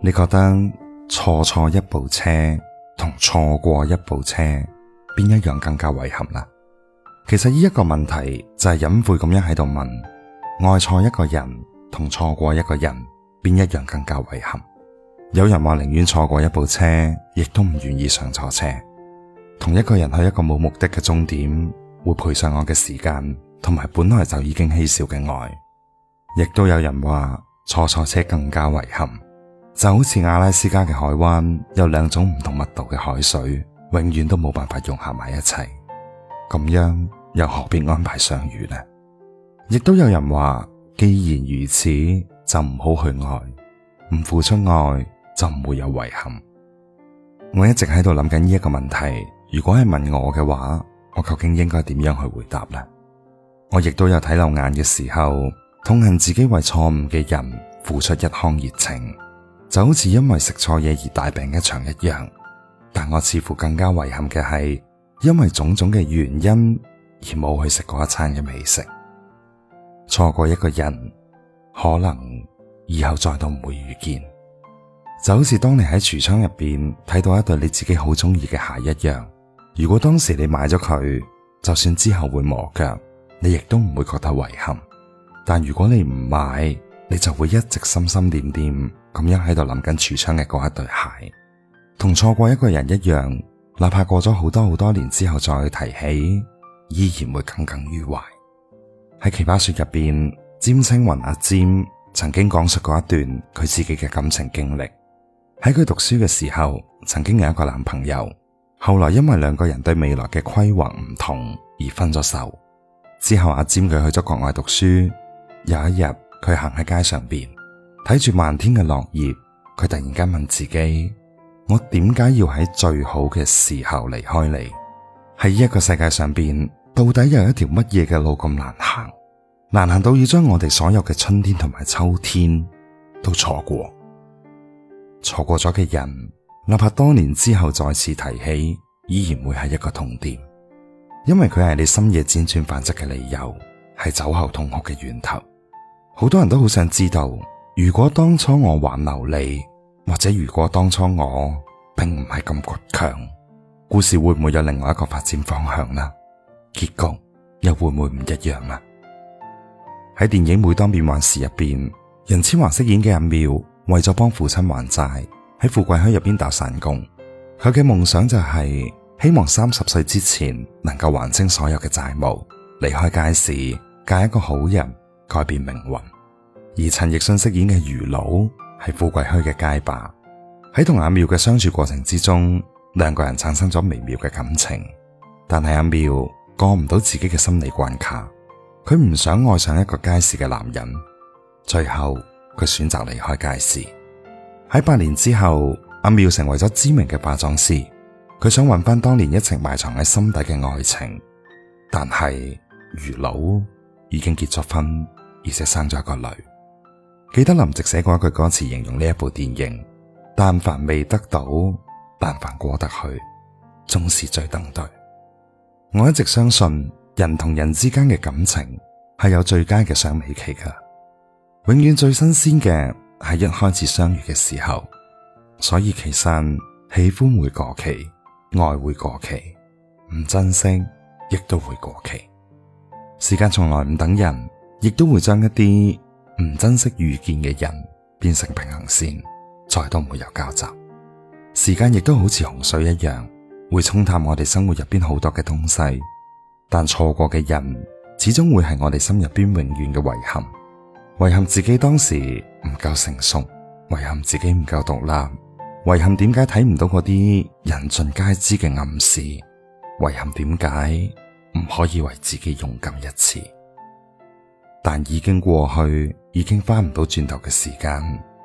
你覺得坐錯一部車同錯過一部車，邊一樣更加遺憾啦？其實呢一個問題就係隱晦咁樣喺度問：愛錯一個人同錯過一個人，邊一樣更加遺憾？有人話寧願錯過一部車，亦都唔願意上錯車。同一個人去一個冇目的嘅終點，會賠上我嘅時間同埋本來就已經稀少嘅愛。亦都有人話坐錯車更加遺憾。就好似阿拉斯加嘅海灣，有兩種唔同密度嘅海水，永遠都冇辦法融合埋一齊。咁樣又何必安排相遇呢？亦都有人話，既然如此，就唔好去愛，唔付出愛就唔會有遺憾。我一直喺度諗緊呢一個問題，如果係問我嘅話，我究竟應該點樣去回答呢？我亦都有睇漏眼嘅時候，痛恨自己為錯誤嘅人付出一腔熱情。就好似因為食錯嘢，而大病一場一樣，但我似乎更加遺憾嘅係，因為種種嘅原因而冇去食過一餐嘅美食。錯過一個人，可能以後再都唔會遇見。就好似當你喺櫥窗入邊睇到一對你自己好中意嘅鞋一樣，如果當時你買咗佢，就算之後會磨腳，你亦都唔會覺得遺憾。但如果你唔買，你就會一直心心念念。咁樣喺度諗緊櫥窗嘅嗰一對鞋，同錯過一個人一樣，哪怕過咗好多好多年之後再提起，依然會耿耿於懷。喺奇葩說入邊，詹青雲阿詹曾經講述過一段佢自己嘅感情經歷。喺佢讀書嘅時候，曾經有一個男朋友，後來因為兩個人對未來嘅規劃唔同而分咗手。之後阿詹佢去咗國外讀書，有一日佢行喺街上邊。睇住漫天嘅落葉，佢突然間問自己：我點解要喺最好嘅時候離開你？喺呢一個世界上邊，到底有一條乜嘢嘅路咁難行？難行到要將我哋所有嘅春天同埋秋天都錯過。錯過咗嘅人，哪怕多年之後再次提起，依然會係一個痛點，因為佢係你深夜輾轉反側嘅理由，係酒後痛哭嘅源頭。好多人都好想知道。如果當初我挽留你，或者如果當初我並唔係咁倔強，故事會唔會有另外一個發展方向呢？結局又會唔會唔一樣啦？喺電影每當變幻時入邊，楊千嬅飾演嘅阿妙為咗幫父親還債，喺富貴墟入邊打散工。佢嘅夢想就係希望三十歲之前能夠還清所有嘅債務，離開街市，嫁一個好人，改變命運。而陳奕迅飾演嘅魚佬係富貴墟嘅街霸，喺同阿妙嘅相處過程之中，兩個人產生咗微妙嘅感情。但係阿妙過唔到自己嘅心理關卡，佢唔想愛上一個街市嘅男人。最後佢選擇離開街市。喺八年之後，阿妙成為咗知名嘅化妝師。佢想揾翻當年一直埋藏喺心底嘅愛情，但係魚佬已經結咗婚，而且生咗一個女。記得林夕寫過一句歌詞，形容呢一部電影：但凡未得到，但凡過得去，總是在等待。我一直相信，人同人之間嘅感情係有最佳嘅賞味期嘅，永遠最新鮮嘅係一開始相遇嘅時候。所以其實喜歡會過期，愛會過期，唔珍惜亦都會過期。時間從來唔等人，亦都會將一啲。唔珍惜遇見嘅人，變成平行線，再都唔會有交集。時間亦都好似洪水一樣，會沖淡我哋生活入邊好多嘅東西。但錯過嘅人，始終會係我哋心入邊永遠嘅遺憾。遺憾自己當時唔夠成熟，遺憾自己唔夠獨立，遺憾點解睇唔到嗰啲人盡皆知嘅暗示，遺憾點解唔可以為自己勇敢一次。但已經過去，已經翻唔到轉頭嘅時間，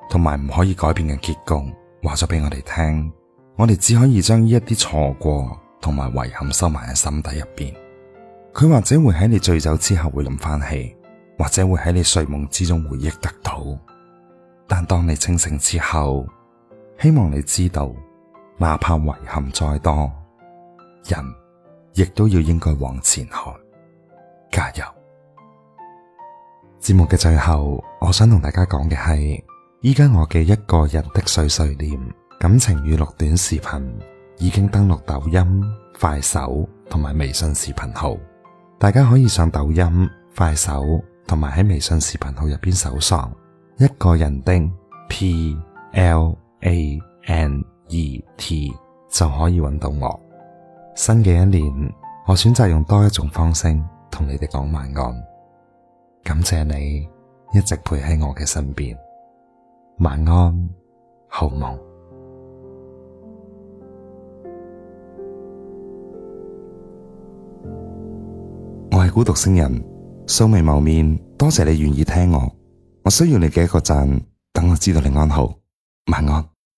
同埋唔可以改變嘅結局，話咗俾我哋聽。我哋只可以將呢一啲錯過同埋遺憾收埋喺心底入邊。佢或者會喺你醉酒之後會諗翻起，或者會喺你睡夢之中回憶得到。但當你清醒之後，希望你知道，哪怕遺憾再多，人亦都要應該往前看。加油！節目嘅最後，我想同大家講嘅係，依家我嘅一個人的碎碎念感情語錄短視頻已經登錄抖音、快手同埋微信視頻號，大家可以上抖音、快手同埋喺微信視頻號入邊搜索一個人的 P L A N E T 就可以揾到我。新嘅一年，我選擇用多一種方式同你哋講晚安。感謝你一直陪喺我嘅身邊，晚安，好夢。我係孤獨星人，素未謀面，多謝你願意聽我。我需要你嘅一個讚，等我知道你安好。晚安。